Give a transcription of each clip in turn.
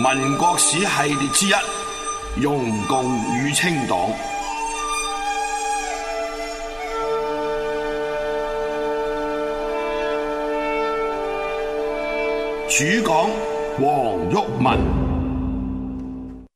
民國史系列之一《容共與清黨》，主講黃毓民。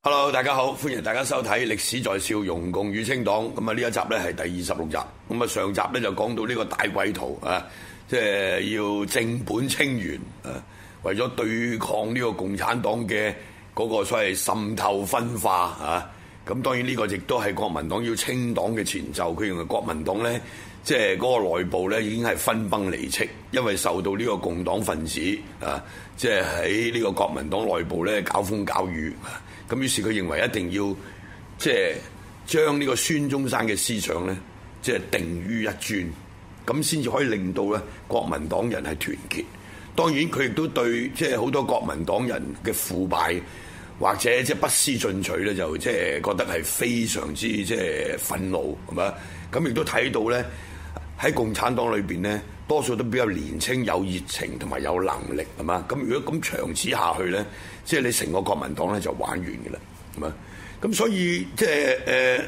Hello，大家好，歡迎大家收睇《歷史在笑容共與清黨》。咁啊，呢一集咧係第二十六集。咁啊，上集咧就講到呢個大鬼圖啊，即係要正本清源啊。為咗對抗呢個共產黨嘅嗰個所謂滲透分化啊，咁當然呢個亦都係國民黨要清黨嘅前奏。佢認為國民黨呢，即係嗰個內部呢已經係分崩離析，因為受到呢個共黨分子啊，即係喺呢個國民黨內部呢搞風搞雨。咁於是佢認為一定要即係將呢個孫中山嘅思想呢，即係定於一尊，咁先至可以令到呢國民黨人係團結。當然佢亦都對即係好多國民黨人嘅腐敗或者即係不思進取咧，就即係覺得係非常之即係憤怒，係嘛？咁亦都睇到咧喺共產黨裏邊咧，多數都比較年輕、有熱情同埋有能力，係嘛？咁如果咁長此下去咧，即係你成個國民黨咧就玩完嘅啦，係嘛？咁所以即係誒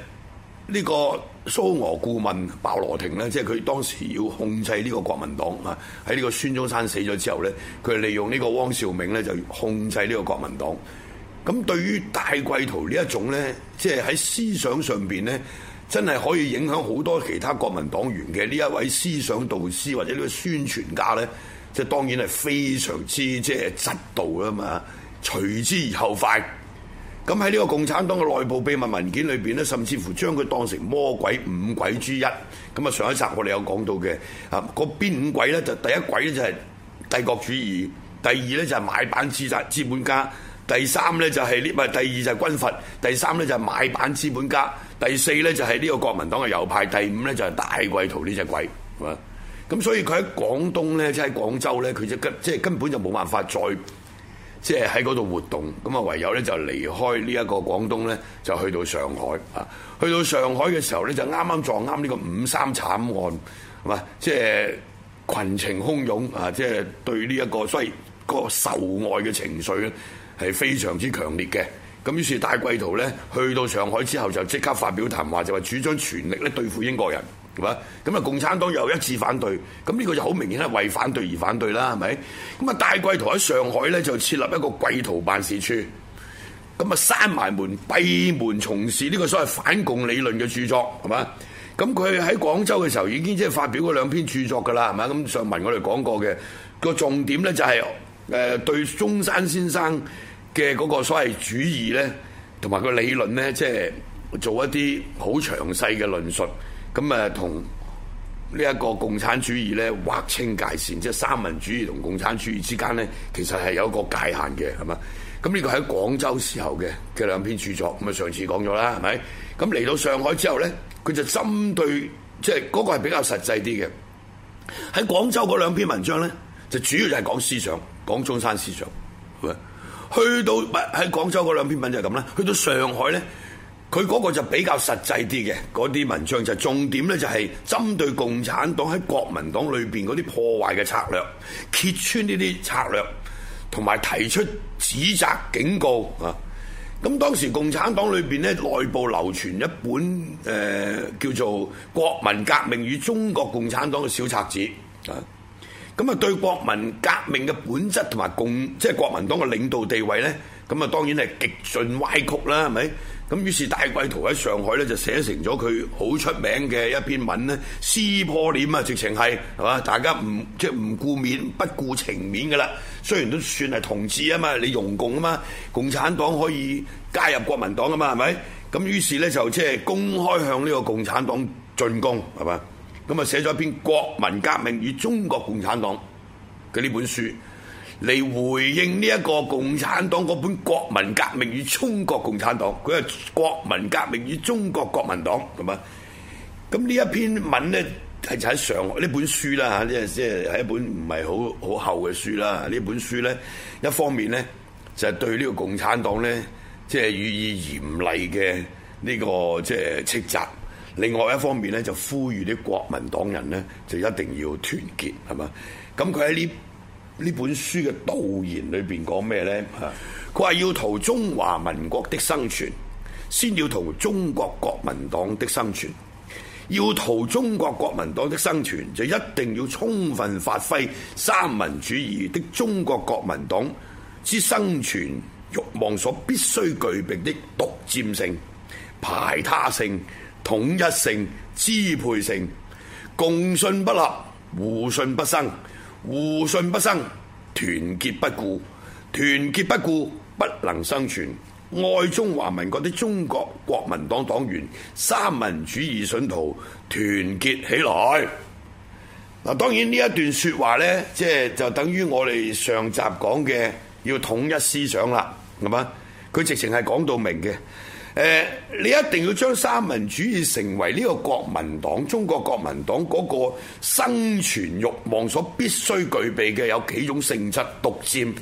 呢個。蘇俄顧問鮑羅廷咧，即係佢當時要控制呢個國民黨啊！喺呢個孫中山死咗之後咧，佢利用呢個汪兆銘咧就控制呢個國民黨。咁對於戴季陶呢一種咧，即係喺思想上面，咧，真係可以影響好多其他國民黨員嘅呢一位思想導師或者呢個宣傳家咧，即係當然係非常之即係質度啊嘛，隨之而後快。咁喺呢個共產黨嘅內部秘密文件裏邊，咧，甚至乎將佢當成魔鬼五鬼之一。咁啊，上一集我哋有講到嘅啊，邊邊五鬼咧就第一鬼咧就係帝國主義，第二咧就係買辦資產資本家，第三咧就係呢唔係第二就係軍閥，第三咧就係買辦資本家，第四咧就係呢個國民黨嘅右派，第五咧就係戴季陶呢隻鬼。咁所以佢喺廣東咧，即喺廣州咧，佢就根即係根本就冇辦法再。即係喺嗰度活動，咁啊唯有咧就離開呢一個廣東咧，就去到上海啊！去到上海嘅時候咧，就啱啱撞啱呢個五三慘案，係嘛？即係群情洶湧，啊！即係對呢一個所謂個仇外嘅情緒咧係非常之強烈嘅，咁於是戴季陶咧去到上海之後就即刻發表談話，就話主張全力咧對付英國人。係嘛？咁啊！共產黨又一次反對，咁呢個就好明顯係為反對而反對啦，係咪咁啊？戴季陶喺上海咧就設立一個季陶辦事處，咁啊，閂埋門閉門從事呢個所謂反共理論嘅著作係嘛？咁佢喺廣州嘅時候已經即係發表過兩篇著作㗎啦，係嘛？咁上文我哋講過嘅個重點咧就係誒對中山先生嘅嗰個所謂主義咧同埋個理論咧，即係做一啲好詳細嘅論述。咁誒同呢一個共產主義咧劃清界線，即係三民主義同共產主義之間咧，其實係有一個界限嘅，係嘛？咁呢個喺廣州時候嘅嘅兩篇著作，咁啊上次講咗啦，係咪？咁嚟到上海之後咧，佢就針對即係嗰個係比較實際啲嘅。喺廣州嗰兩篇文章咧，就主要就係講思想，講中山思想。去到唔係喺廣州嗰兩篇文就係咁啦，去到上海咧。佢嗰個就比較實際啲嘅嗰啲文章，就係，就重點咧就係針對共產黨喺國民黨裏邊嗰啲破壞嘅策略，揭穿呢啲策略，同埋提出指責警告啊！咁當時共產黨裏邊咧內部流傳一本誒、呃、叫做《國民革命與中國共產黨》嘅小冊子啊！咁啊對國民革命嘅本質同埋共即係、就係、國民黨嘅領導地位咧，咁啊當然係極盡歪曲啦，係咪？咁於是戴季陶喺上海咧就寫成咗佢好出名嘅一篇文咧，撕破臉啊，直情係係嘛，大家唔即係唔顧面、不顧情面噶啦。雖然都算係同志啊嘛，你容共啊嘛，共產黨可以加入國民黨啊嘛，係咪？咁於是咧就即係公開向呢個共產黨進攻係嘛。咁啊寫咗一篇《國民革命與中國共產黨》嘅呢本書。嚟回應呢一個共產黨嗰本《國民革命與中國共產黨》，佢係《國民革命與中國國民黨》，係嘛？咁呢一篇文咧係就喺、是、上呢本書啦嚇，即係即係係一本唔係好好厚嘅書啦。呢本書咧一方面咧就係、對呢個共產黨咧即係予以嚴厲嘅呢個即係、就是、斥責；另外一方面咧就呼籲啲國民黨人咧就一定要團結，係嘛？咁佢喺呢呢本書嘅導言裏面講咩呢？佢話要圖中華民國的生存，先要圖中國國民黨的生存。要圖中國國民黨的生存，就一定要充分發揮三民主義的中國國民黨之生存欲望所必須具備的獨佔性、排他性、統一性、支配性，共信不立，互信不生。互信不生，團結不固，團結不固不能生存。愛中華民國的中國國民黨黨員，三民主義信徒，團結起來。嗱，當然呢一段說話呢，即係就等於我哋上集講嘅，要統一思想啦，係嘛？佢直情係講到明嘅。誒、呃，你一定要將三民主義成為呢個國民黨，中國國民黨嗰個生存欲望所必須具備嘅有幾種性質獨佔，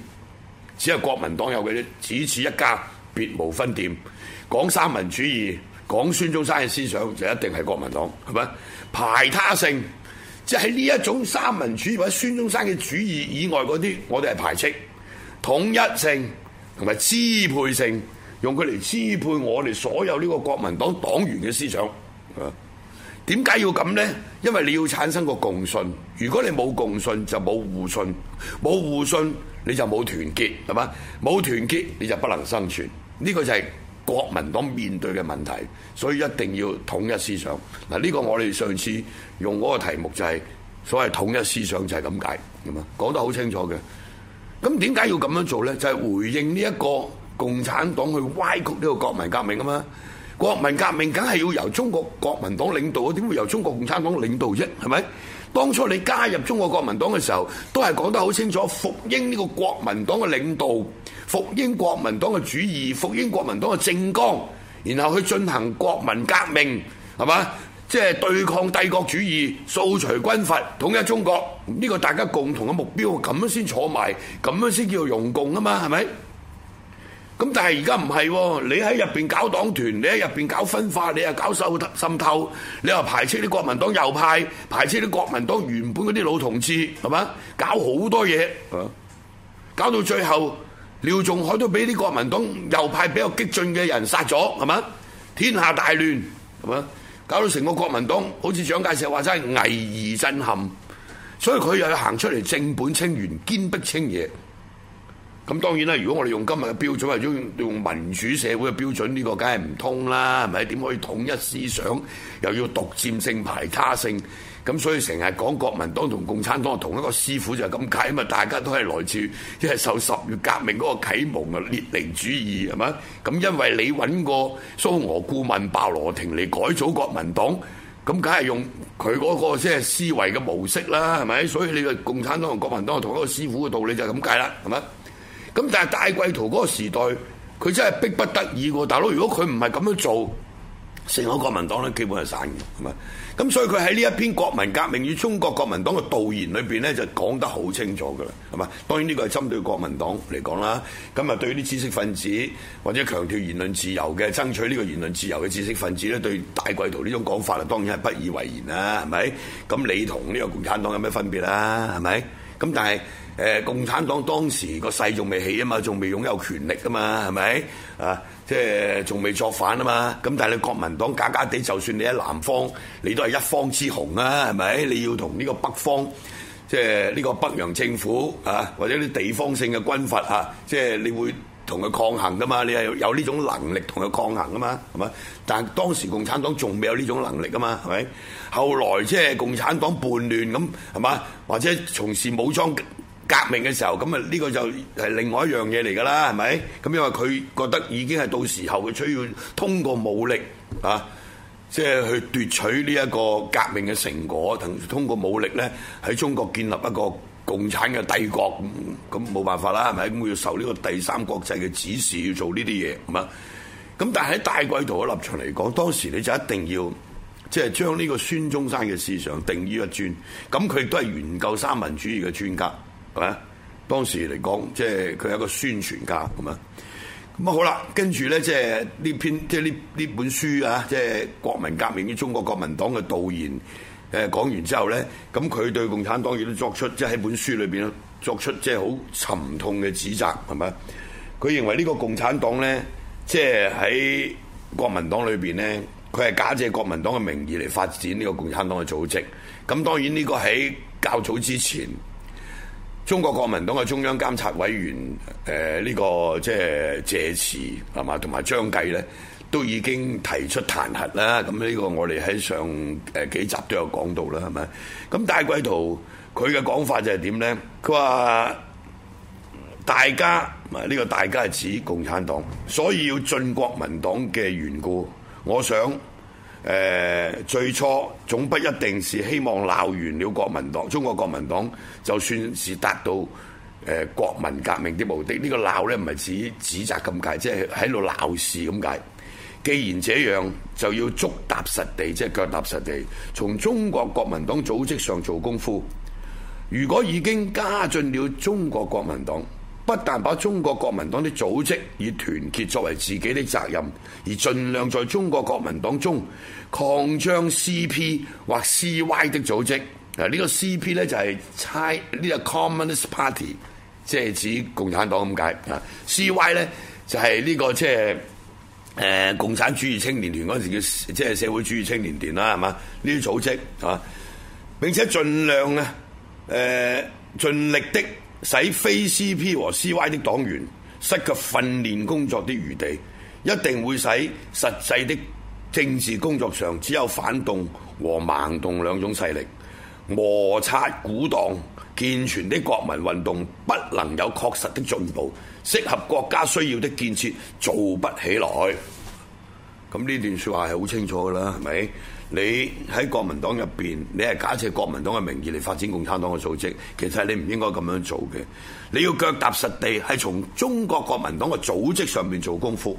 只係國民黨有嘅，只此一家，別無分店。講三民主義，講孫中山嘅思想就一定係國民黨，係咪？排他性，即係呢一種三民主義或者孫中山嘅主義以外嗰啲，我哋係排斥。統一性同埋支配性。用佢嚟支配我哋所有呢個國民黨黨員嘅思想，啊？點解要咁呢？因為你要產生個共信，如果你冇共信，就冇互信，冇互信你就冇團結，係嘛？冇團結你就不能生存。呢個就係國民黨面對嘅問題，所以一定要統一思想。嗱，呢個我哋上次用嗰個題目就係所謂統一思想就係咁解，咁啊，講得好清楚嘅。咁點解要咁樣做呢？就係回應呢一個。共產黨去歪曲呢個國民革命啊嘛，國民革命梗係要由中國國民黨領導，點會由中國共產黨領導啫？係咪？當初你加入中國國民黨嘅時候，都係講得好清楚，服膺呢個國民黨嘅領導，服膺國民黨嘅主義，服膺國民黨嘅政綱，然後去進行國民革命，係嘛？即係對抗帝國主義，掃除軍閥，統一中國，呢個大家共同嘅目標，咁樣先坐埋，咁樣先叫做容共啊嘛？係咪？咁但係而家唔係喎，你喺入面搞黨團，你喺入面，面搞分化，你又搞滲透，你又排斥啲國民黨右派，排斥啲國民黨原本嗰啲老同志，係嘛？搞好多嘢，搞到最後，廖仲海都俾啲國民黨右派比較激進嘅人殺咗，係嘛？天下大亂，係嘛？搞到成個國民黨好似蔣介石話齋係危而震撼，所以佢又要行出嚟正本清源，堅壁清野。咁當然啦！如果我哋用今日嘅標準，用民主社會嘅標準，呢、這個梗係唔通啦，係咪？點可以統一思想？又要獨佔性、排他性？咁所以成日講國民黨同共產黨同一個師傅就係咁解啊嘛！大家都係來自一係、就是、受十月革命嗰個啟蒙嘅列寧主義係咪？咁因為你揾個蘇俄顧問鮑羅廷嚟改組國民黨，咁梗係用佢嗰個即係思維嘅模式啦，係咪？所以你個共產黨同國民黨同一個師傅嘅道理就係咁解啦，係咪？咁但係大貴圖嗰個時代，佢真係逼不得已喎，大佬。如果佢唔係咁樣做，成個國民黨咧基本係散嘅，係嘛？咁所以佢喺呢一篇《國民革命與中國國民黨》嘅導言裏面咧，就講得好清楚㗎啦，係嘛？當然呢個係針對國民黨嚟講啦。咁啊，對於啲知識分子或者強調言論自由嘅爭取呢個言論自由嘅知識分子咧，對大貴圖呢種講法啊，當然係不以為然啦，係咪？咁你同呢個共產黨有咩分別啦？係咪？咁但係。誒，共產黨當時個勢仲未起啊嘛，仲未擁有權力啊嘛，係咪？啊，即係仲未作反啊嘛。咁但係你國民黨假假地，就算你喺南方，你都係一方之雄啊，係咪？你要同呢個北方，即係呢個北洋政府啊，或者啲地方性嘅軍閥啊，即係你會同佢抗衡噶嘛？你有呢種能力同佢抗衡噶嘛？係咪？但係當時共產黨仲未有呢種能力啊嘛，係咪？後來即係共產黨叛亂咁，係嘛？或者從事武裝。革命嘅時候，咁啊呢個就係另外一樣嘢嚟㗎啦，係咪？咁因為佢覺得已經係到時候，佢需要通過武力啊，即係去奪取呢一個革命嘅成果，同通過武力咧喺中國建立一個共產嘅帝國，咁冇辦法啦，係咪？咁要受呢個第三國際嘅指示，要做呢啲嘢，咁啊。咁但係喺戴季陶嘅立場嚟講，當時你就一定要即係將呢個孫中山嘅思想定於一尊，咁佢都係研究三民主義嘅專家。係嘛？當時嚟講，即係佢係一個宣傳家咁啊。咁啊好啦，跟住咧，即係呢篇即係呢呢本書啊，即係《國民革命與中國國民黨》嘅導言。誒講完之後咧，咁佢對共產黨亦都作出即係喺本書裏邊咯，作出即係好沉痛嘅指責，係咪？佢認為呢個共產黨咧，即係喺國民黨裏邊咧，佢係假借國民黨嘅名義嚟發展呢個共產黨嘅組織。咁當然呢個喺較早之前。中國國民黨嘅中央監察委員誒呢、呃呢個即係謝持係嘛，同埋張繼咧都已經提出彈劾啦。咁呢個我哋喺上誒幾集都有講到啦，係咪？咁戴季陶佢嘅講法就係點咧？佢話大家，呢、呢個大家係指共產黨，所以要進國民黨嘅緣故，我想。誒、呃、最初總不一定是希望鬧完了國民黨，中國國民黨就算是達到誒、呃、國民革命的目的，這個、呢個鬧呢唔係指指責咁解，即係喺度鬧事咁解。既然這樣，就要足踏實地，即係腳踏實地，從中國國民黨組織上做功夫。如果已經加進了中國國民黨，不但把中國國民黨的組織以團結作為自己的責任，而盡量在中國國民黨中擴張 CP 或 CY 的組織。啊，呢、呢個 CP 咧，就係猜呢個 Communist Party，即係指共產黨咁解啊。CY 咧，就係、是、呢、呢個即係誒共產主義青年團嗰陣時叫即係社會主義青年團啦，係嘛？呢啲組織啊，並且盡量啊誒盡力的。使非 CP 和 CY 的黨員失去訓練工作的餘地，一定會使實際的政治工作上只有反動和盲動兩種勢力摩擦鼓動，健全的國民運動不能有確實的進步，適合國家需要的建設做不起來。咁呢段說話係好清楚㗎啦，係咪？你喺國民黨入面，你係假設國民黨嘅名義嚟發展共產黨嘅組織，其實你唔應該咁樣做嘅。你要腳踏實地，喺從中國國民黨嘅組織上面做功夫。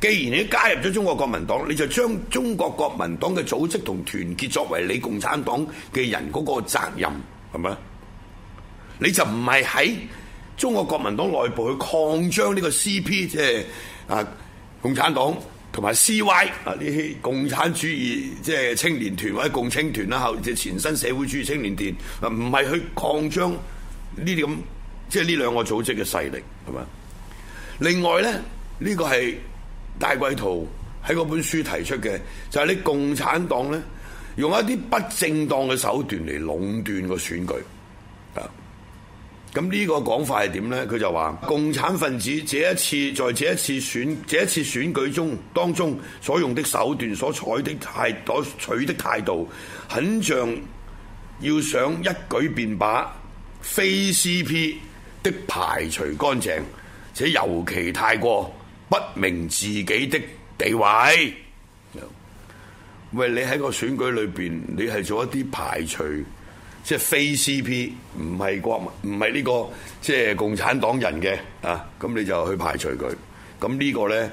既然你加入咗中國國民黨，你就將中國國民黨嘅組織同團結作為你共產黨嘅人嗰個責任，係咪？你就唔係喺中國國民黨內部去擴張呢個 CP，即係啊共產黨。同埋 CY 啊，呢啲共產主義即係青年團或者共青團啦，後即前身社會主義青年團啊，唔係去擴張呢啲咁即係呢兩個組織嘅勢力係嘛？另外咧，呢、呢個係戴季陶喺嗰本書提出嘅，就係、係、你共產黨咧用一啲不正當嘅手段嚟壟斷個選舉啊。咁呢個講法係點呢？佢就話共產分子這一次在這一次選這一次選舉中當中所用的手段所採的態所取的態度，很像要想一舉便把非 CP 的排除乾淨，且尤其太過不明自己的地位。喂，你喺個選舉裏邊，你係做一啲排除？即係非 CP，唔係國民唔係呢個即係共產黨人嘅啊，咁你就去排除佢。咁呢個咧，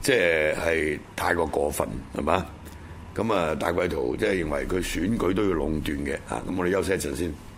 即係係太過過分係嘛？咁啊大鬼圖即係認為佢選舉都要壟斷嘅啊，咁我哋休息一陣先。